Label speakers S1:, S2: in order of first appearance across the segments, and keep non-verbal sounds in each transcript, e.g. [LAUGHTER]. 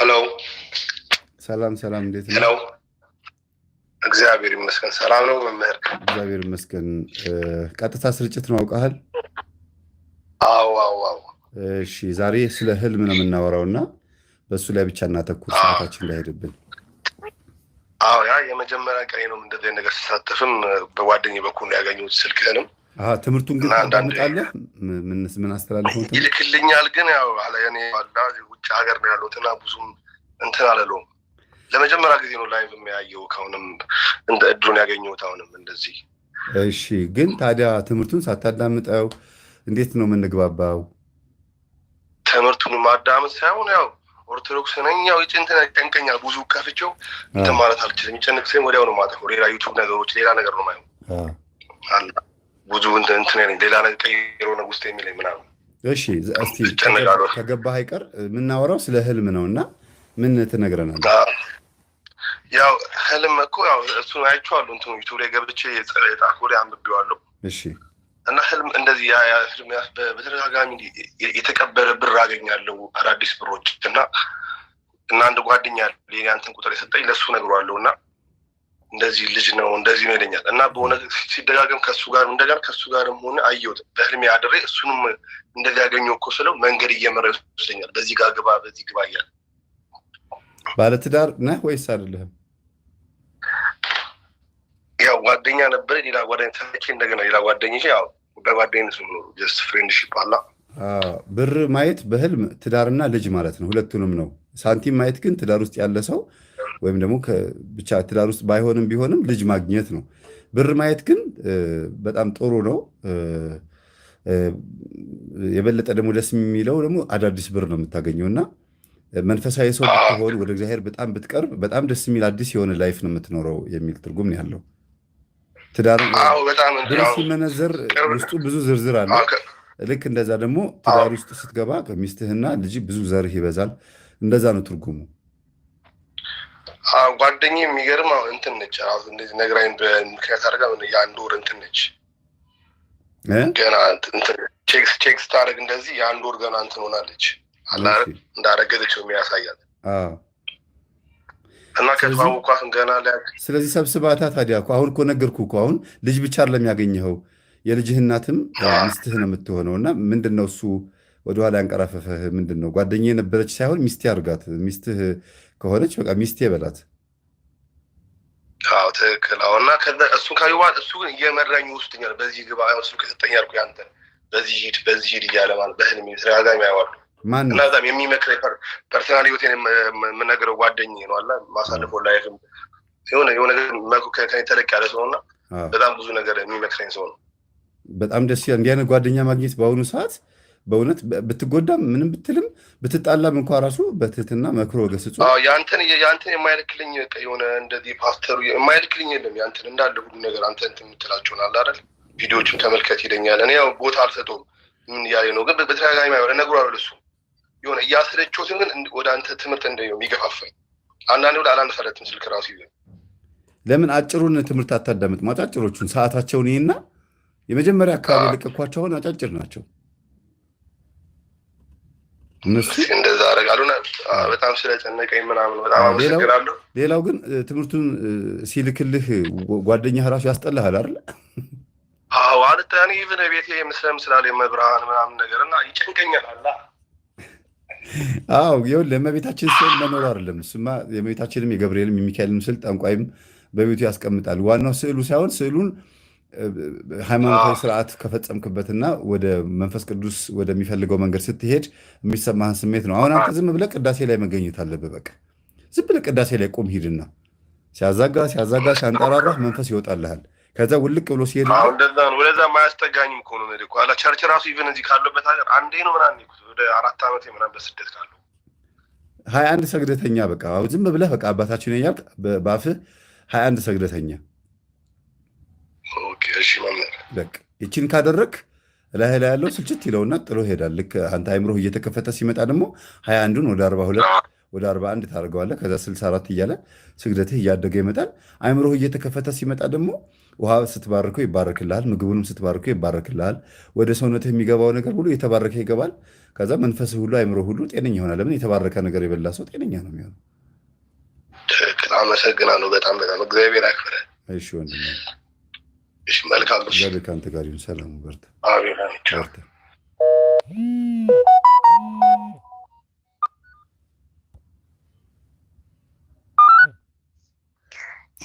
S1: ሄሎ
S2: ሰላም ሰላም፣ እንዴት
S1: ነው? እግዚአብሔር ይመስገን ሰላም ነው መምህር።
S2: እግዚአብሔር ይመስገን። ቀጥታ ስርጭት ነው አውቀሃል? አዎ አዎ እሺ ዛሬ ስለ ህልም ነው የምናወራው እና በእሱ ላይ ብቻ እናተኩር፣ ሰዓታችን እንዳይሄድብን።
S1: አዎ ያ የመጀመሪያ ቀኔ ነው እንደዚህ ነገር ስሳተፍም በጓደኛዬ በኩል ያገኘሁት ስልክህንም
S2: ትምህርቱን ግን ታዳምጣለህ? ምን አስተላልፈው
S1: ይልክልኛል። ግን ያው እኔ ውጭ ሀገር ነው ያለሁት እና ብዙም እንትን አለለውም። ለመጀመሪያ ጊዜ ነው ላይቭ የሚያየው። አሁንም እንደ እድሉን ያገኘሁት አሁንም እንደዚህ።
S2: እሺ፣ ግን ታዲያ ትምህርቱን ሳታዳምጠው እንዴት ነው የምንግባባው?
S1: ትምህርቱን ማዳመጥ ሳይሆን ያው ኦርቶዶክስ ነኛው ይጭንትን ይጨንቀኛል። ብዙ ከፍቼው እንትን ማለት አልችልም። ይጨንቅ ወዲያው ነው ማጠፈው። ሌላ ዩቱብ ነገሮች፣ ሌላ ነገር ነው ማየው ብዙ እንትን ያለኝ ሌላ ነገር ቀይሮ ነው ውስጥ የሚለኝ ምናምን።
S2: እሺ እስቲ ከገባ አይቀር የምናወራው ስለ ህልም ነው እና ምን ትነግረናል?
S1: ያው ህልም እኮ ያው እሱን አይቼዋለሁ እንትኑ ዩቱብ ላይ ገብቼ የጣፎ ላይ አንብቤዋለሁ። እሺ እና ህልም እንደዚህ ህልም በተደጋጋሚ የተቀበረ ብር አገኛለሁ አዳዲስ ብሮች እና እና አንድ ጓደኛ ያለ አንተን ቁጥር የሰጠኝ ለእሱ ነግሯለሁ እና እንደዚህ ልጅ ነው እንደዚህ ነው ይለኛል እና በሆነ ሲደጋገም ከሱ ጋር እንደጋር ከሱ ጋርም ሆነ አየሁት በህልሜ አድሬ እሱንም እንደዚህ ያገኘሁ እኮ ስለው መንገድ እየመራ ይወስደኛል። በዚህ ጋር ግባ፣ በዚህ ግባ እያለ።
S2: ባለትዳር ነህ ወይስ አይደለህም?
S1: ያው ጓደኛ ነበረ ሌላ ጓደኛ ተቼ እንደገና ሌላ ጓደኛ ያው በጓደኝነት ነው ጀስት ፍሬንድሽፕ አላ
S2: ብር ማየት በህልም ትዳርና ልጅ ማለት ነው። ሁለቱንም ነው። ሳንቲም ማየት ግን ትዳር ውስጥ ያለ ሰው ወይም ደግሞ ብቻ ትዳር ውስጥ ባይሆንም ቢሆንም ልጅ ማግኘት ነው። ብር ማየት ግን በጣም ጥሩ ነው። የበለጠ ደግሞ ደስ የሚለው ደግሞ አዳዲስ ብር ነው የምታገኘው እና መንፈሳዊ ሰው ብትሆን ወደ እግዚአብሔር በጣም ብትቀርብ በጣም ደስ የሚል አዲስ የሆነ ላይፍ ነው የምትኖረው የሚል ትርጉም ያለው ትዳር ሲመነዘር ውስጡ ብዙ ዝርዝር አለ። ልክ እንደዛ ደግሞ ትዳር ውስጥ ስትገባ ሚስትህና ልጅ ብዙ ዘርህ ይበዛል። እንደዛ ነው ትርጉሙ።
S1: ጓደኝ የሚገርም እንትን ነች። ራሱ እንደዚህ ነግራኝ በምክንያት አድርጋ የአንድ ወር እንትን ነች ገና ቼክስ ቼክስ ታደርግ እንደዚህ የአንድ ወር ገና እንትን ሆናለች አላረግ እንዳረገዘችው የሚያሳያል እና ከተዋወኳትን ገና ላያ
S2: ስለዚህ ሰብስባታ ታዲያ አሁን እኮ ነገርኩ እኮ አሁን ልጅ ብቻ ለሚያገኘኸው ያገኘኸው የልጅህ እናትም ሚስትህ ነው የምትሆነው። እና ምንድን ነው እሱ ወደኋላ ያንቀራፈፈህ ምንድን ነው? ጓደኛ የነበረች ሳይሆን ሚስት ያርጋት ሚስትህ ከሆነች በቃ ሚስቴ በላት።
S1: አዎ ትክክል። አዎ እና እሱን ካዩ በኋላ እሱ ግን እየመራኝ ውስጥኛል። በዚህ ግባ ስ ከሰጠኝ ያልኩ ያንተ በዚህ ሂድ በዚህ ሂድ እያለ ማለት በህልም ተደጋጋሚ ያዋሉ እና በጣም የሚመክረ ፐርሰናል ህይወቴን የምነግረው ጓደኝ ነው አለ ማሳልፎ ላይፍ የሆነ የሆነ ከኔ ተለቅ ያለ ሰው እና በጣም ብዙ ነገር የሚመክረኝ ሰው ነው።
S2: በጣም ደስ ይላል እንዲህ አይነት ጓደኛ ማግኘት በአሁኑ ሰዓት በእውነት ብትጎዳም ምንም ብትልም ብትጣላም እንኳ ራሱ በትህትና መክሮ ገስጹ።
S1: ያንተን ያንተን የማይልክልኝ የሆነ እንደዚህ ፓስተሩ የማይልክልኝ የለም። ያንተን እንዳለ ሁሉ ነገር አንተ ንት የምትላቸውን አለ አይደል? ቪዲዮዎችም ተመልከት ይለኛል። እኔ ያው ቦታ አልሰጠውም። ምን እያለ ነው ግን በተደጋጋሚ ማይሆ ነግሮ አለሱ የሆነ እያስረችትን ግን ወደ አንተ ትምህርት እንደ የሚገፋፋኝ አንዳንድ ወደ አላነሳለትም ስልክ ራሱ ይዘ
S2: ለምን አጭሩን ትምህርት አታዳምጥ? ማጫጭሮቹን ሰዓታቸውን ይህና የመጀመሪያ አካባቢ ልቀኳቸውን አጫጭር ናቸው። እንደዛ
S1: በጣም ስለጨነቀኝ ምናምን በጣም አመሰግናለሁ።
S2: ሌላው ግን ትምህርቱን ሲልክልህ ጓደኛ እራሱ ያስጠልሃል አለ
S1: አዎ አልተ ምስለም ስላለ ምናምን ነገር እና ይጨንቀኛል። አላ
S2: አዎ ይሁን ለእመቤታችን ስል መኖር አይደለም እሱማ፣ የእመቤታችንም የገብርኤልም የሚካኤልም ስል ጠንቋይም በቤቱ ያስቀምጣል። ዋናው ስዕሉ ሳይሆን ስዕሉን ሃይማኖታዊ ስርዓት ከፈጸምክበትና ወደ መንፈስ ቅዱስ ወደሚፈልገው መንገድ ስትሄድ የሚሰማህን ስሜት ነው። አሁን አንተ ዝም ብለህ ቅዳሴ ላይ መገኘት አለብህ። በቃ ዝም ብለህ ቅዳሴ ላይ ቁም፣ ሂድና ሲያዛጋ ሲያዛጋ ሲያንጠራራህ መንፈስ ይወጣልሃል። ከዛ ውልቅ ብሎ ሲሄድ
S1: እንደዛ ነው። ወደዛ ማያስጠጋኝም ከሆኑ ነ ኋላ ቸርች ራሱ ኢቨን እዚህ ካለበት ሀገር አንዴ ነው ምናምን ወደ አራት ዓመት ምናምን በስደት ካለው
S2: ሀያ አንድ ሰግደተኛ በቃ ዝም ብለህ በቃ አባታችን ያልክ በአፍህ ሀያ አንድ ሰግደተኛ እሺ መምህር፣ በቃ ይቺን ካደረግ ላይ ላይ ያለው ስልችት ይለውና ጥሎ ይሄዳል። ልክ አንተ አይምሮ እየተከፈተ ሲመጣ ደግሞ ሀያ አንዱን ወደ አርባ ሁለት ወደ አርባ አንድ ታደርገዋለህ። ከዛ ስልሳ አራት እያለ ስግደትህ እያደገ ይመጣል። አይምሮህ እየተከፈተ ሲመጣ ደግሞ ውሃ ስትባርከው ይባረክልሃል፣ ምግቡንም ስትባርከው ይባረክልሃል። ወደ ሰውነትህ የሚገባው ነገር ሁሉ የተባረከ ይገባል። ከዛ መንፈስህ ሁሉ አይምሮ ሁሉ ጤነኛ ይሆናል። ለምን የተባረከ ነገር የበላ ሰው ጤነኛ ነው የሚሆነው።
S1: ትክክል። አመሰግናለሁ። በጣም በጣም እግዚአብሔር አክብረ። እሺ ወንድሜ እሺ፣ መልካም እግዚአብሔር
S2: ከአንተ ጋር ይሁን። ሰላም በርታ።
S1: አሜን።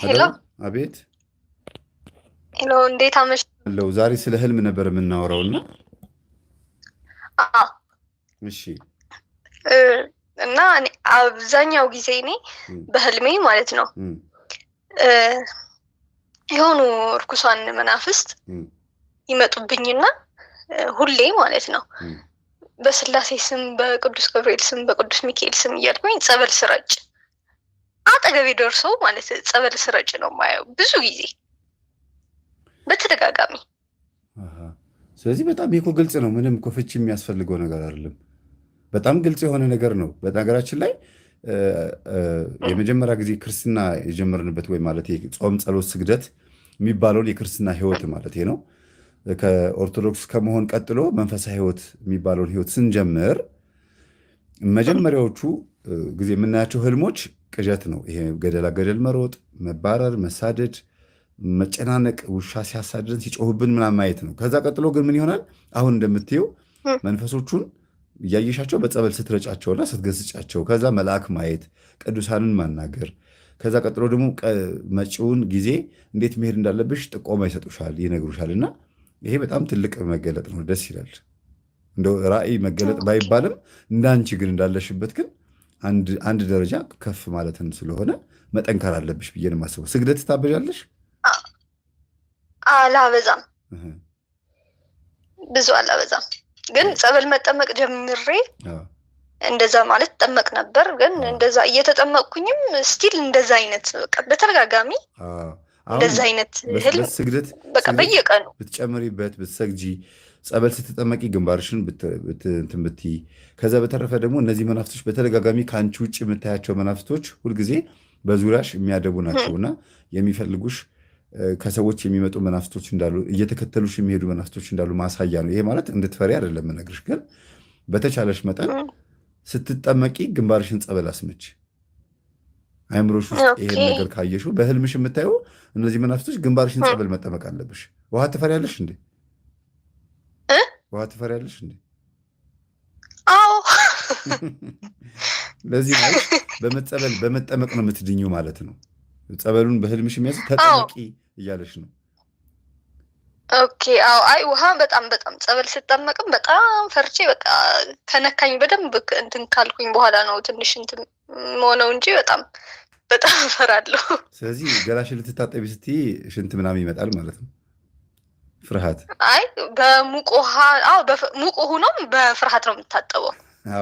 S3: ሄሎ፣ አቤት። ሄሎ፣ እንዴት
S2: አመሻለሁ። ዛሬ ስለ ህልም ነበር የምናወራው እና
S3: እሺ እና አብዛኛው ጊዜ እኔ በህልሜ ማለት ነው የሆኑ እርኩሳን መናፍስት ይመጡብኝና ሁሌ ማለት ነው በስላሴ ስም፣ በቅዱስ ገብርኤል ስም፣ በቅዱስ ሚካኤል ስም እያልኩኝ ጸበል ስረጭ አጠገቤ ደርሰው ማለት ጸበል ስረጭ ነው ማየው ብዙ ጊዜ በተደጋጋሚ።
S2: ስለዚህ በጣም ይኮ ግልጽ ነው። ምንም እኮ ፍቺ የሚያስፈልገው ነገር አይደለም። በጣም ግልጽ የሆነ ነገር ነው። በነገራችን ላይ የመጀመሪያ ጊዜ ክርስትና የጀመርንበት ወይ ማለት ጾም፣ ጸሎት፣ ስግደት የሚባለውን የክርስትና ህይወት ማለት ነው። ከኦርቶዶክስ ከመሆን ቀጥሎ መንፈሳዊ ህይወት የሚባለውን ህይወት ስንጀምር መጀመሪያዎቹ ጊዜ የምናያቸው ህልሞች ቅዠት ነው። ይሄ ገደላ ገደል መሮጥ፣ መባረር፣ መሳደድ፣ መጨናነቅ፣ ውሻ ሲያሳድደን ሲጮህብን ምናምን ማየት ነው። ከዛ ቀጥሎ ግን ምን ይሆናል? አሁን እንደምትየው መንፈሶቹን እያየሻቸው በጸበል ስትረጫቸውና ስትገስጫቸው፣ ከዛ መልአክ ማየት፣ ቅዱሳንን ማናገር፣ ከዛ ቀጥሎ ደግሞ መጪውን ጊዜ እንዴት መሄድ እንዳለብሽ ጥቆማ ይሰጡሻል፣ ይነግሩሻል። እና ይሄ በጣም ትልቅ መገለጥ ነው። ደስ ይላል። እንደ ራዕይ መገለጥ ባይባልም እንዳንቺ ግን እንዳለሽበት ግን አንድ ደረጃ ከፍ ማለትን ስለሆነ መጠንከር አለብሽ ብዬ ነው የማስበው። ስግደት ታበዣለሽ?
S3: አላበዛም፣ ብዙ አላበዛም። ግን ጸበል መጠመቅ ጀምሬ እንደዛ ማለት ጠመቅ ነበር ግን እንደዛ እየተጠመቅኩኝም ስቲል እንደዛ አይነት በተደጋጋሚ እንደዛ አይነት ህልም በቃ በየቀኑ
S2: ብትጨምሪበት ብትሰግጂ ጸበል ስትጠመቂ ግንባርሽን እንትን ብትይ። ከዛ በተረፈ ደግሞ እነዚህ መናፍስቶች በተደጋጋሚ ከአንቺ ውጭ የምታያቸው መናፍስቶች ሁልጊዜ በዙሪያሽ የሚያደቡ ናቸው እና የሚፈልጉሽ ከሰዎች የሚመጡ መናፍስቶች እንዳሉ እየተከተሉሽ የሚሄዱ መናፍስቶች እንዳሉ ማሳያ ነው። ይሄ ማለት እንድትፈሪ አይደለም እነግርሽ፣ ግን በተቻለሽ መጠን ስትጠመቂ ግንባርሽን ጸበል አስመች። አይምሮሽ ውስጥ ይሄን ነገር ካየሹ በህልምሽ የምታየው እነዚህ መናፍስቶች ግንባርሽን ጸበል መጠመቅ አለብሽ። ውሃ ትፈሪያለሽ እንዴ? ውሃ ትፈሪያለሽ እንዴ?
S3: አዎ። [LAUGHS]
S2: ለዚህ ማለት [LAUGHS] በመጸበል በመጠመቅ ነው የምትድኙ ማለት ነው። ጸበሉን በህልምሽ የሚያዝ ተጠመቂ እያለሽ ነው
S3: ኦኬ አዎ። አይ ውሃ በጣም በጣም ጸበል ስጠመቅም በጣም ፈርቼ በቃ ከነካኝ በደንብ እንትን ካልኩኝ በኋላ ነው ትንሽ እንትን መሆነው እንጂ በጣም [LAUGHS] በጣም እፈራለሁ።
S2: ስለዚህ ገላሽን ልትታጠቢ ስትይ ሽንት ምናምን ይመጣል ማለት ነው። ፍርሃት
S3: አይ በሙቅ ውሃ አዎ፣ ሙቅ ሆኖም በፍርሃት ነው የምታጠበው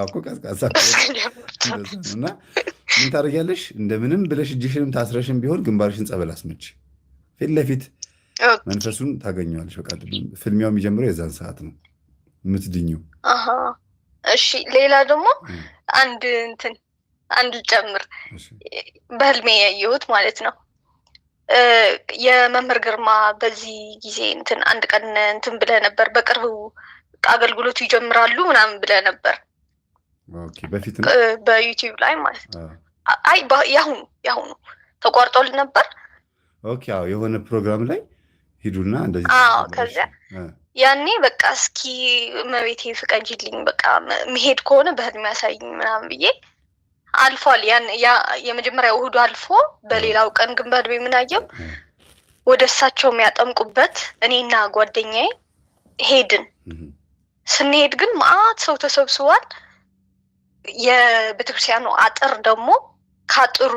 S2: እኮ ቀዝቃዛ [LAUGHS] እና ምን ታደርጊያለሽ? እንደምንም ብለሽ እጅሽንም ታስረሽን ቢሆን ግንባርሽን ጸበል አስመች ፊት ለፊት መንፈሱን ታገኘዋለች። በቃ ፍልሚያው የሚጀምረው የዛን ሰዓት ነው የምትድኘው።
S3: እሺ፣ ሌላ ደግሞ አንድ እንትን አንድ ጨምር፣ በህልሜ ያየሁት ማለት ነው የመምህር ግርማ በዚህ ጊዜ እንትን አንድ ቀን እንትን ብለ ነበር፣ በቅርቡ አገልግሎቱ ይጀምራሉ ምናምን ብለ ነበር በዩቲዩብ ላይ ማለት ነው። አይ ያሁኑ ያሁኑ ተቋርጦል ነበር።
S2: ኦኬ፣ የሆነ ፕሮግራም ላይ ሂዱና እንደዚህ
S3: ከዚያ ያኔ በቃ እስኪ መቤቴ ፍቀጅልኝ በቃ መሄድ ከሆነ በህልም ያሳይኝ ምናምን ብዬ አልፏል። የመጀመሪያ እሑድ አልፎ በሌላው ቀን ግን በህልሜ የምናየው ወደ እሳቸው የሚያጠምቁበት እኔና ጓደኛዬ ሄድን። ስንሄድ ግን ማአት ሰው ተሰብስቧል። የቤተክርስቲያኑ አጥር ደግሞ ከአጥሩ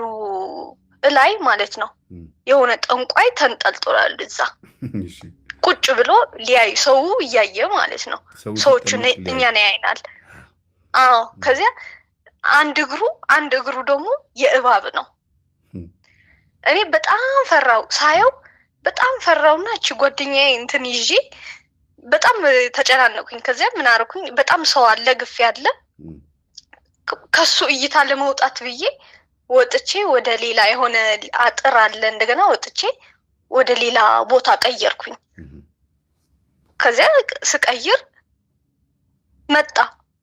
S3: እላይ ማለት ነው የሆነ ጠንቋይ ተንጠልጥሏል እዛ [LAUGHS] ቁጭ ብሎ ሊያዩ ሰው እያየ ማለት ነው። ሰዎቹን እኛን ያይናል። አዎ ከዚያ አንድ እግሩ አንድ እግሩ ደግሞ የእባብ ነው። እኔ በጣም ፈራው ሳየው በጣም ፈራውና እቺ ጓደኛ እንትን ይዤ በጣም ተጨናነኩኝ። ከዚያ ምን በጣም ሰው አለ፣ ግፊ አለ። ከሱ እይታ ለመውጣት ብዬ ወጥቼ ወደ ሌላ የሆነ አጥር አለ። እንደገና ወጥቼ ወደ ሌላ ቦታ ቀየርኩኝ። ከዚያ ስቀይር መጣ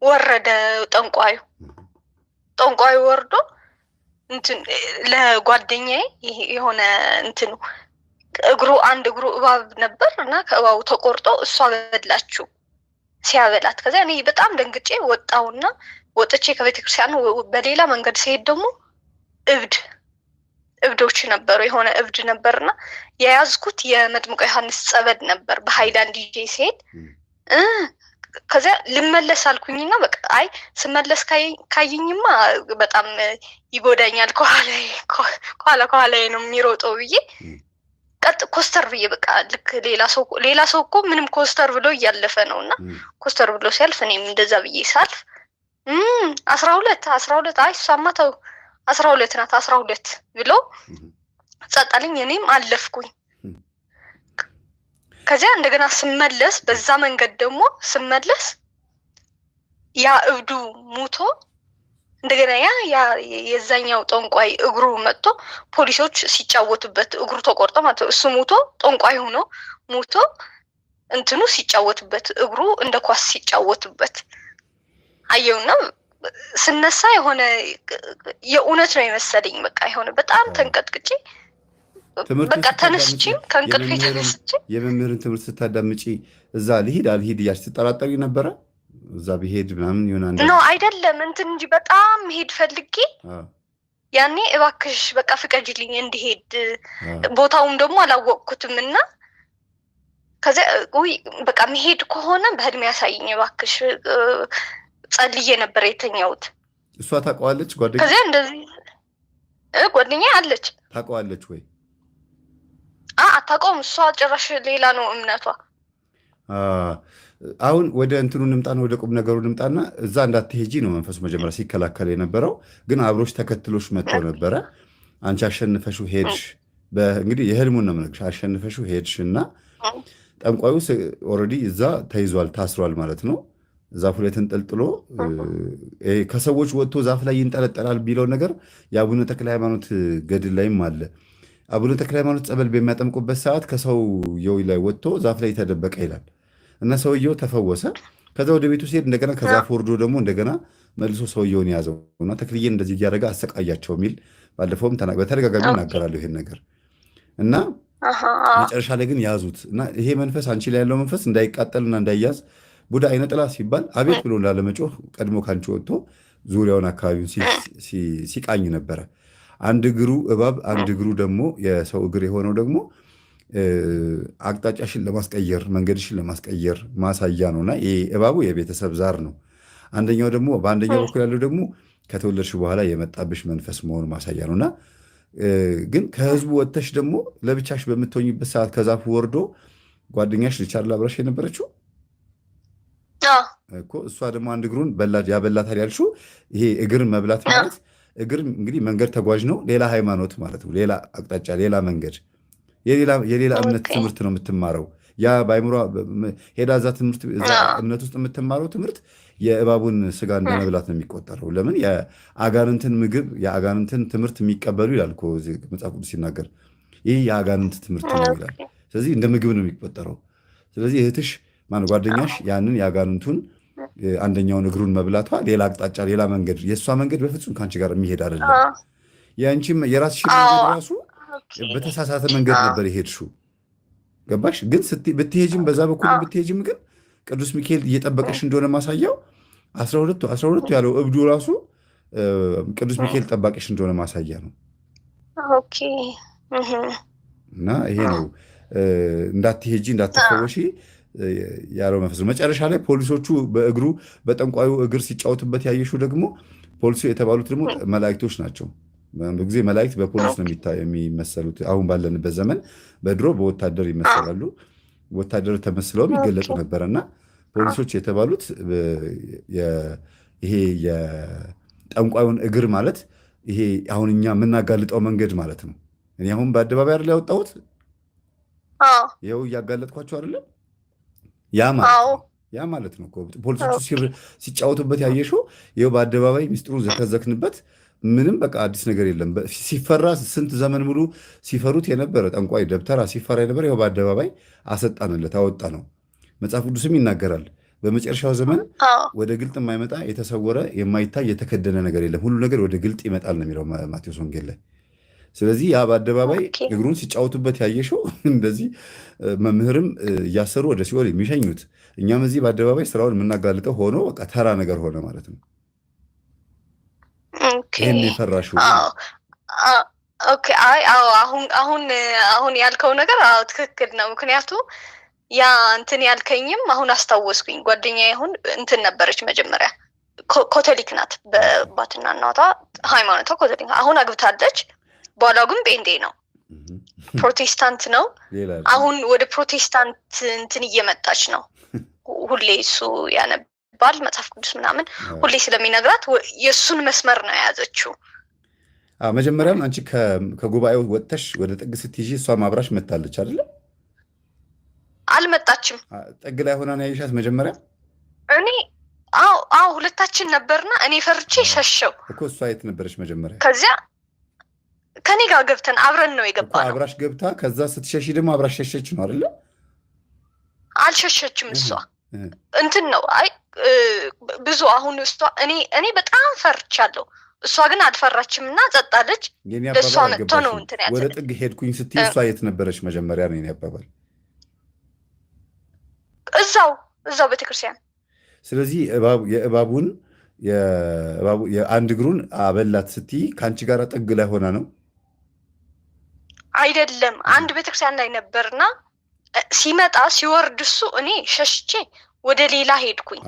S3: ወረደ ጠንቋዩ። ጠንቋዩ ወርዶ እንትን ለጓደኛዬ የሆነ እንትኑ እግሩ አንድ እግሩ እባብ ነበር እና ከእባቡ ተቆርጦ እሷ በላችው ሲያበላት። ከዚያ እኔ በጣም ደንግጬ ወጣውና ወጥቼ ከቤተክርስቲያን በሌላ መንገድ ሲሄድ ደግሞ እብድ እብዶች ነበሩ። የሆነ እብድ ነበርና የያዝኩት የመጥምቀ ዮሐንስ ጸበድ ነበር በሀይላንድ ይዤ ሲሄድ ከዚያ ልመለስ አልኩኝና በቃ አይ ስመለስ ካየኝማ በጣም ይጎዳኛል፣ ከኋላ ከኋላ ነው የሚሮጠው ብዬ ቀጥ ኮስተር ብዬ በቃ ልክ ሌላ ሰው ሌላ ሰው እኮ ምንም ኮስተር ብሎ እያለፈ ነው እና ኮስተር ብሎ ሲያልፍ እኔም እንደዛ ብዬ ሳልፍ አስራ ሁለት አስራ ሁለት አይ እሷማ ተው አስራ ሁለት ናት አስራ ሁለት ብሎ ጸጣልኝ። እኔም አለፍኩኝ። ከዚያ እንደገና ስመለስ በዛ መንገድ ደግሞ ስመለስ ያ እብዱ ሙቶ እንደገና ያ የዛኛው ጠንቋይ እግሩ መጥቶ ፖሊሶች ሲጫወቱበት እግሩ ተቆርጦ ማለት እሱ ሙቶ ጠንቋይ ሆኖ ሙቶ እንትኑ ሲጫወቱበት እግሩ እንደ ኳስ ሲጫወቱበት አየውና ስነሳ የሆነ የእውነት ነው የመሰለኝ። በቃ የሆነ በጣም ተንቀጥቅጬ በቃ ተነስቼም ከእንቅልፌ ተነስቼ
S2: የመምህርን ትምህርት ስታዳምጪ እዛ ልሂድ አልሂድ እያልሽ ትጠራጠሪ ነበረ? እዛ ብሄድ ምናምን ይሆናል
S3: ኖ አይደለም? እንትን እንጂ በጣም መሄድ ፈልጌ ያኔ እባክሽ በቃ ፍቀጅልኝ እንዲሄድ ቦታውም ደግሞ አላወቅኩትም እና ከዚያ ውይ በቃ መሄድ ከሆነ በህድሜ ያሳይኝ እባክሽ ጸልዬ ነበር የተኛሁት።
S2: እሷ ታውቀዋለች ጓደኛ
S3: ከዚያ እንደዚህ ጓደኛ አለች
S2: ታውቀዋለች ወይ
S3: አታውቀውም? እሷ ጭራሽ ሌላ ነው እምነቷ።
S2: አሁን ወደ እንትኑ ንምጣና ወደ ቁም ነገሩ ንምጣና እዛ እንዳትሄጂ ነው መንፈሱ መጀመሪያ ሲከላከል የነበረው። ግን አብሮች ተከትሎች መጥቶ ነበረ። አንቺ አሸንፈሹ ሄድሽ። እንግዲህ የህልሙን ነው የምነግርሽ። አሸንፈሹ ሄድሽ እና ጠንቋዩ ኦልሬዲ እዛ ተይዟል ታስሯል ማለት ነው ዛፉ ላይ ተንጠልጥሎ ከሰዎች ወጥቶ ዛፍ ላይ ይንጠለጠላል ቢለው ነገር የአቡነ ተክለ ሃይማኖት ገድል ላይም አለ። አቡነ ተክለ ሃይማኖት ጸበል በሚያጠምቁበት ሰዓት ከሰውየው ላይ ወጥቶ ዛፍ ላይ ተደበቀ ይላል እና ሰውየው ተፈወሰ። ከዛ ወደ ቤቱ ሲሄድ እንደገና ከዛፍ ወርዶ ደግሞ እንደገና መልሶ ሰውየውን ያዘው እና ተክልዬን እንደዚህ እያደረገ አሰቃያቸው የሚል ባለፈውም በተደጋጋሚ እናገራለሁ ይሄን ነገር እና መጨረሻ ላይ ግን ያዙት እና ይሄ መንፈስ አንቺ ላይ ያለው መንፈስ እንዳይቃጠልና እንዳይያዝ ቡዳ አይነ ጥላ ሲባል አቤት ብሎ ላለመጮህ ቀድሞ ካንቺ ወጥቶ ዙሪያውን አካባቢውን ሲቃኝ ነበረ። አንድ እግሩ እባብ፣ አንድ እግሩ ደግሞ የሰው እግር የሆነው ደግሞ አቅጣጫሽን ለማስቀየር መንገድሽን ለማስቀየር ማሳያ ነውና እባቡ የቤተሰብ ዛር ነው። አንደኛው ደግሞ በአንደኛው በኩል ያለው ደግሞ ከተወለድሽ በኋላ የመጣብሽ መንፈስ መሆኑ ማሳያ ነውና ግን ከህዝቡ ወጥተሽ ደግሞ ለብቻሽ በምትሆኝበት ሰዓት ከዛፉ ወርዶ ጓደኛሽ ልቻ አብራሽ የነበረችው እኮ እሷ ደግሞ አንድ እግሩን ያበላታል ያልሽው ይሄ እግር መብላት ማለት እግር እንግዲህ መንገድ ተጓዥ ነው። ሌላ ሃይማኖት ማለት ነው። ሌላ አቅጣጫ፣ ሌላ መንገድ፣ የሌላ እምነት ትምህርት ነው የምትማረው። ያ በአይምሮ ሄዳ እዛ ትምህርት እምነት ውስጥ የምትማረው ትምህርት የእባቡን ስጋ እንደመብላት ነው የሚቆጠረው። ለምን የአጋንንትን ምግብ የአጋንንትን ትምህርት የሚቀበሉ ይላል እኮ መጽሐፍ ቅዱስ ሲናገር፣ ይህ የአጋንንት ትምህርት ነው ይላል። ስለዚህ እንደ ምግብ ነው የሚቆጠረው። ስለዚህ እህትሽ ማነው ጓደኛሽ ያንን የአጋንንቱን አንደኛውን እግሩን መብላቷ ሌላ አቅጣጫ ሌላ መንገድ የእሷ መንገድ በፍጹም ከአንቺ ጋር የሚሄድ አይደለም። የአንቺ የራስሽ መንገድ ራሱ በተሳሳተ መንገድ ነበር የሄድሽው። ገባሽ? ግን ብትሄጅም በዛ በኩል ብትሄጅም ግን ቅዱስ ሚካኤል እየጠበቀሽ እንደሆነ ማሳያው አስራ ሁለቱ አስራ ሁለቱ ያለው እብዱ ራሱ ቅዱስ ሚካኤል ጠባቂሽ እንደሆነ ማሳያ ነው። እና ይሄ ነው እንዳትሄጂ እንዳትፈወሺ ያለው መንፈስ ነው። መጨረሻ ላይ ፖሊሶቹ በእግሩ በጠንቋዩ እግር ሲጫወትበት ያየሹ ደግሞ ፖሊሱ የተባሉት ደግሞ መላእክቶች ናቸው። ጊዜ መላእክት በፖሊስ ነው የሚመሰሉት። አሁን ባለንበት ዘመን በድሮ በወታደር ይመሰላሉ። ወታደር ተመስለውም ይገለጡ ነበረ እና ፖሊሶች የተባሉት ይሄ የጠንቋዩን እግር ማለት ይሄ አሁን እኛ የምናጋልጠው መንገድ ማለት ነው። እኔ አሁን በአደባባይ አይደል ያወጣሁት፣ ይኸው እያጋለጥኳቸው አይደለም ያ ማለት ያ ማለት ነው። ፖሊሶቹ ሲጫወቱበት ያየሽው ይኸው በአደባባይ ሚስጥሩ ዘከዘክንበት። ምንም በቃ አዲስ ነገር የለም። ሲፈራ ስንት ዘመን ሙሉ ሲፈሩት የነበረ ጠንቋይ ደብተራ ሲፈራ የነበረ ይኸው በአደባባይ አሰጣንለት፣ አወጣ ነው። መጽሐፍ ቅዱስም ይናገራል በመጨረሻው ዘመን ወደ ግልጥ የማይመጣ የተሰወረ የማይታይ የተከደነ ነገር የለም፣ ሁሉ ነገር ወደ ግልጥ ይመጣል ነው የሚለው ማቴዎስ ወንጌል ላይ ስለዚህ ያ በአደባባይ እግሩን ሲጫወቱበት ያየሽው [LAUGHS] እንደዚህ መምህርም እያሰሩ ወደ ሲኦል የሚሸኙት እኛም እዚህ በአደባባይ ስራውን የምናጋልጠው ሆኖ በቃ ተራ ነገር ሆነ ማለት ነው። ይህን የፈራሹ
S3: አይ አሁን አሁን አሁን ያልከው ነገር አዎ ትክክል ነው። ምክንያቱ ያ እንትን ያልከኝም አሁን አስታወስኩኝ። ጓደኛ ይሁን እንትን ነበረች መጀመሪያ ኮቶሊክ ናት፣ በባትና እናቷ ሃይማኖቷ ኮቶሊክ። አሁን አግብታለች ባሏ ግን ጴንጤ ነው፣ ፕሮቴስታንት ነው። አሁን ወደ ፕሮቴስታንት እንትን እየመጣች ነው። [LAUGHS] ሁሌ እሱ ያነባል መጽሐፍ ቅዱስ ምናምን ሁሌ ስለሚነግራት የእሱን መስመር ነው የያዘችው።
S2: መጀመሪያም አንቺ ከጉባኤው ወጥተሽ ወደ ጥግ ስትይዥ እሷ ማብራሽ መታለች አይደለም?
S3: አልመጣችም።
S2: ጥግ ላይ ሆና ነው መጀመሪያ?
S3: እኔ አዎ፣ ሁለታችን ነበርና እኔ ፈርቼ ሸሸው
S2: እኮ። እሷ የት ነበረች መጀመሪያ?
S3: ከዚያ ከኔ ጋር ገብተን አብረን ነው የገባ
S2: አብራሽ ገብታ ከዛ ስትሸሽ ደግሞ አብራሽ ሸሸች ነው አይደለ?
S3: አልሸሸችም። እሷ እንትን ነው አይ ብዙ አሁን እሷ እኔ እኔ በጣም ፈርቻለሁ። እሷ ግን አልፈራችም እና ጸጣለች። ለእሷ መጥቶ ነው
S2: እንትን ያለ ወደ ጥግ ሄድኩኝ ስትይ እሷ የት ነበረች መጀመሪያ? ነው ያባባል
S3: እዛው እዛው ቤተክርስቲያን።
S2: ስለዚህ የእባቡን የአንድ እግሩን አበላት ስትይ ከአንቺ ጋር ጥግ ላይ ሆና ነው
S3: አይደለም አንድ ቤተክርስቲያን ላይ ነበርና ሲመጣ ሲወርድ እሱ እኔ ሸሽቼ ወደ ሌላ ሄድኩኝ፣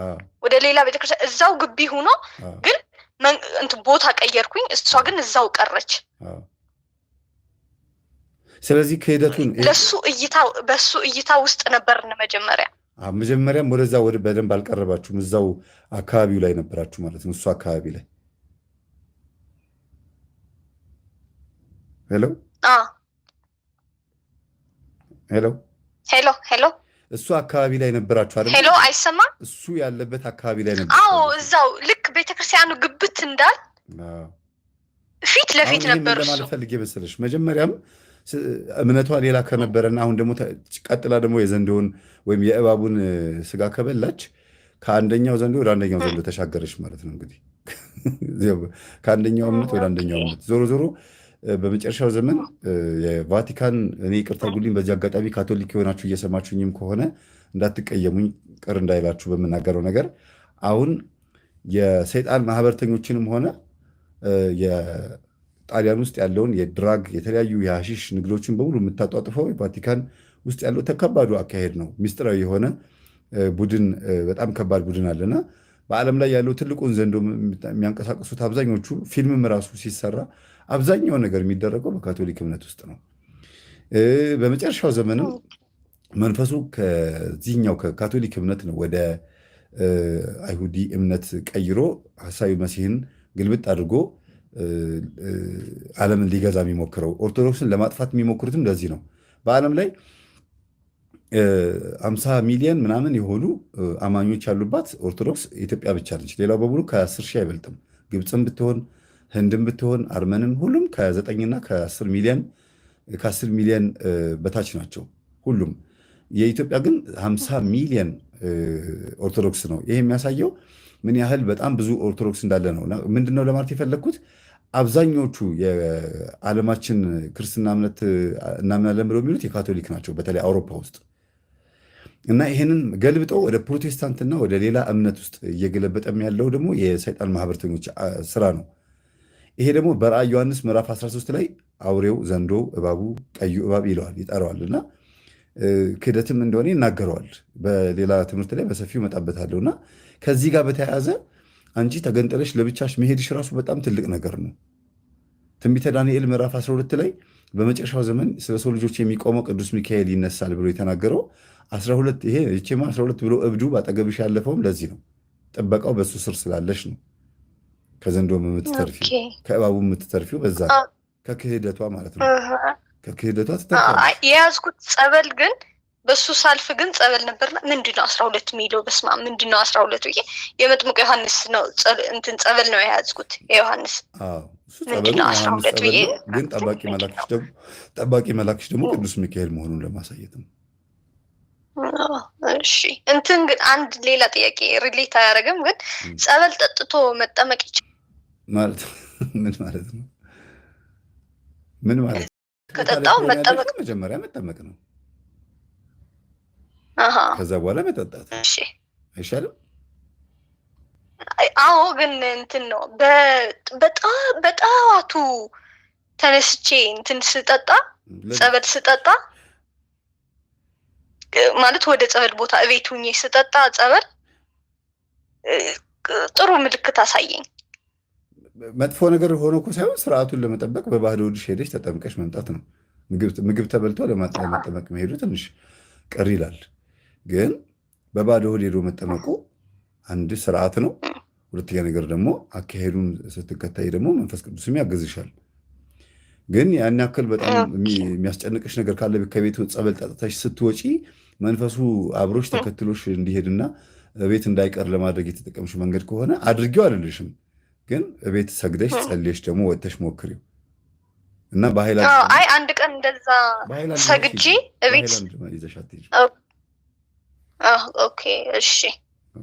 S3: ወደ ሌላ ቤተክርስቲያን እዛው ግቢ ሆኖ ግን እንት ቦታ ቀየርኩኝ። እሷ ግን እዛው ቀረች።
S2: ስለዚህ ክህደቱን
S3: ለሱ እይታ በሱ እይታ ውስጥ ነበርን መጀመሪያ
S2: መጀመሪያም ወደዛ ወደ በደንብ አልቀረባችሁም። እዛው አካባቢው ላይ ነበራችሁ ማለት ነው። እሱ አካባቢ ላይ ሄሎ ሄሎ ሄሎ ሄሎ እሱ አካባቢ ላይ ነበራችሁ አይደል?
S3: ሄሎ አይሰማም።
S2: እሱ ያለበት አካባቢ ላይ ነበር።
S3: አዎ እዛው ልክ ቤተክርስቲያኑ ግብት እንዳል ፊት ለፊት ነበር። እሱ ለማልፈልግ
S2: የመሰለሽ መጀመሪያም እምነቷ ሌላ ከነበረና አሁን ደግሞ ቀጥላ ደግሞ የዘንዶውን ወይም የእባቡን ስጋ ከበላች ከአንደኛው ዘንዶ ወደ አንደኛው ዘንዶ ተሻገረች ማለት ነው። እንግዲህ [LAUGHS] ከአንደኛው እምነት ወደ አንደኛው እምነት ዞሮ ዞሮ በመጨረሻው ዘመን የቫቲካን እኔ ይቅርታ ጉልኝ በዚህ አጋጣሚ ካቶሊክ የሆናችሁ እየሰማችሁኝም ከሆነ እንዳትቀየሙኝ ቅር እንዳይላችሁ በምናገረው ነገር አሁን የሰይጣን ማህበርተኞችንም ሆነ የጣሊያን ውስጥ ያለውን የድራግ የተለያዩ የሀሺሽ ንግዶችን በሙሉ የምታጧጥፈው ቫቲካን ውስጥ ያለው ተከባዱ አካሄድ ነው። ሚስጥራዊ የሆነ ቡድን በጣም ከባድ ቡድን አለና በዓለም ላይ ያለው ትልቁን ዘንዶ የሚያንቀሳቅሱት አብዛኞቹ ፊልምም ራሱ ሲሰራ አብዛኛው ነገር የሚደረገው በካቶሊክ እምነት ውስጥ ነው። በመጨረሻው ዘመንም መንፈሱ ከዚህኛው ከካቶሊክ እምነት ነው ወደ አይሁዲ እምነት ቀይሮ ሐሳዊ መሲህን ግልብጥ አድርጎ ዓለምን ሊገዛ የሚሞክረው ኦርቶዶክስን ለማጥፋት የሚሞክሩትም ለዚህ ነው። በዓለም ላይ አምሳ ሚሊየን ምናምን የሆኑ አማኞች ያሉባት ኦርቶዶክስ ኢትዮጵያ ብቻ ነች። ሌላው በሙሉ ከአስር ሺህ አይበልጥም። ግብፅም ብትሆን ህንድም ብትሆን አርመንም ሁሉም ከዘጠኝና ከአስር ሚሊዮን ከአስር ሚሊዮን በታች ናቸው ሁሉም። የኢትዮጵያ ግን ሀምሳ ሚሊዮን ኦርቶዶክስ ነው። ይህ የሚያሳየው ምን ያህል በጣም ብዙ ኦርቶዶክስ እንዳለ ነው። ምንድነው ለማለት የፈለግኩት አብዛኞቹ የዓለማችን ክርስትና እምነት እናምናለን ብለው የሚሉት የካቶሊክ ናቸው፣ በተለይ አውሮፓ ውስጥ እና ይህንን ገልብጠው ወደ ፕሮቴስታንትና ወደ ሌላ እምነት ውስጥ እየገለበጠም ያለው ደግሞ የሰይጣን ማህበረተኞች ስራ ነው። ይሄ ደግሞ በራእይ ዮሐንስ ምዕራፍ 13 ላይ አውሬው፣ ዘንዶ፣ እባቡ፣ ቀዩ እባብ ይለዋል እና ክህደትም እንደሆነ ይናገረዋል። በሌላ ትምህርት ላይ በሰፊው እመጣበታለሁ እና ከዚህ ጋር በተያያዘ አንቺ ተገንጠለሽ ለብቻሽ መሄድሽ ራሱ በጣም ትልቅ ነገር ነው። ትንቢተ ዳንኤል ምዕራፍ 12 ላይ በመጨረሻው ዘመን ስለ ሰው ልጆች የሚቆመው ቅዱስ ሚካኤል ይነሳል ብሎ የተናገረው 12 ይሄ ይቼማ 12 ብሎ እብዱ ባጠገብሽ ያለፈውም ለዚህ ነው። ጥበቃው በእሱ ስር ስላለሽ ነው። ከዘንዶም የምትተርፊው ከእባቡ የምትተርፊው በዛ ከክህደቷ ማለት ነው። ከክህደቷ
S3: ትተርፊያለሽ። የያዝኩት ጸበል ግን በሱ ሳልፍ ግን ጸበል ነበርና ምንድነው አስራ ሁለት የሚለው በስማ ምንድነው አስራ ሁለት ብዬ የመጥምቁ ዮሐንስ ነው እንትን ጸበል ነው የያዝኩት የዮሐንስ
S2: ግን ጠባቂ መላክሽ ደግሞ ጠባቂ መላክሽ ደግሞ ቅዱስ ሚካኤል መሆኑን ለማሳየት ነው።
S3: እሺ እንትን ግን አንድ ሌላ ጥያቄ ሪሌት አያደርግም፣ ግን ጸበል ጠጥቶ መጠመቅ ይቻላል?
S2: ማለት ምን ማለት ነው? ምን ማለት
S3: ከጠጣው መጠመቅ
S2: መጀመሪያ መጠመቅ ነው። ከዛ በኋላ መጠጣት አይሻልም?
S3: አዎ፣ ግን እንትን ነው በጠዋቱ ተነስቼ እንትን ስጠጣ ጸበል ስጠጣ ማለት ወደ ጸበል ቦታ እቤት ሁኜ ስጠጣ ጸበል ጥሩ ምልክት አሳየኝ።
S2: መጥፎ ነገር ሆኖ እኮ ሳይሆን ስርዓቱን ለመጠበቅ በባህደ ወድሽ ሄደሽ ተጠምቀሽ መምጣት ነው። ምግብ ተበልቶ ለመጠመቅ መሄዱ ትንሽ ቅር ይላል። ግን በባዶ ሆድ ሄዶ መጠመቁ አንድ ስርዓት ነው። ሁለተኛ ነገር ደግሞ አካሄዱን ስትከታይ ደግሞ መንፈስ ቅዱስም ያገዝሻል። ግን ያን ያክል በጣም የሚያስጨንቅሽ ነገር ካለ ከቤት ጸበል ጠጥተሽ ስትወጪ መንፈሱ አብሮሽ ተከትሎሽ እንዲሄድና ቤት እንዳይቀር ለማድረግ የተጠቀምሽ መንገድ ከሆነ አድርጌው አልልሽም። ግን እቤት ሰግደሽ ጸልየሽ ደግሞ ወጥተሽ ሞክሪው እና
S3: አይ አንድ ቀን እንደዛ ሰግጂ እቤት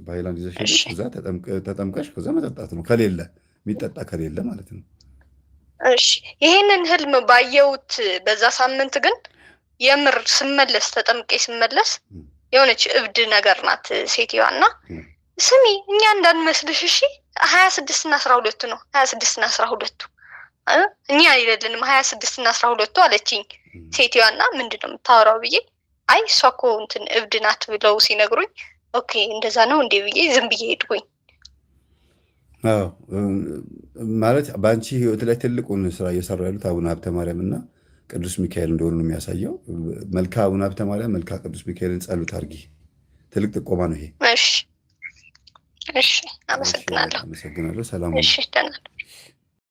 S2: በሃይላንድ ይዘሽ እዛ ተጠምቀሽ ከዛ መጠጣት ነው፣ ከሌለ የሚጠጣ ከሌለ ማለት ነው።
S3: እሺ ይህንን ህልም ባየሁት በዛ ሳምንት ግን የምር ስመለስ ተጠምቄ ስመለስ የሆነች እብድ ነገር ናት ሴትዮዋ እና ስሚ እኛ እንዳንመስልሽ እሺ። ሀያ ስድስት እና አስራ ሁለቱ ነው። ሀያ ስድስት እና አስራ ሁለቱ እኛ አይደለንም። ሀያ ስድስት እና አስራ ሁለቱ አለችኝ ሴትዮዋና፣ ምንድን ነው የምታወራው ብዬ አይ እሷ እኮ እንትን እብድ ናት ብለው ሲነግሩኝ ኦኬ እንደዛ ነው እንዴ ብዬ ዝም ብዬ ሄድኩኝ።
S2: ማለት በአንቺ ህይወት ላይ ትልቁን ስራ እየሰሩ ያሉት አቡነ ሀብተ ማርያም እና ቅዱስ ሚካኤል እንደሆኑ ነው የሚያሳየው። መልካ አቡነ ሀብተ ማርያም፣ መልካ ቅዱስ ሚካኤልን ጸሎት አድርጊ። ትልቅ ጥቆማ ነው ይሄ።
S3: እሺ፣ አመሰግናለሁ።
S2: አመሰግናለሁ። ሰላም።
S3: እሺ፣ ደህና ነው።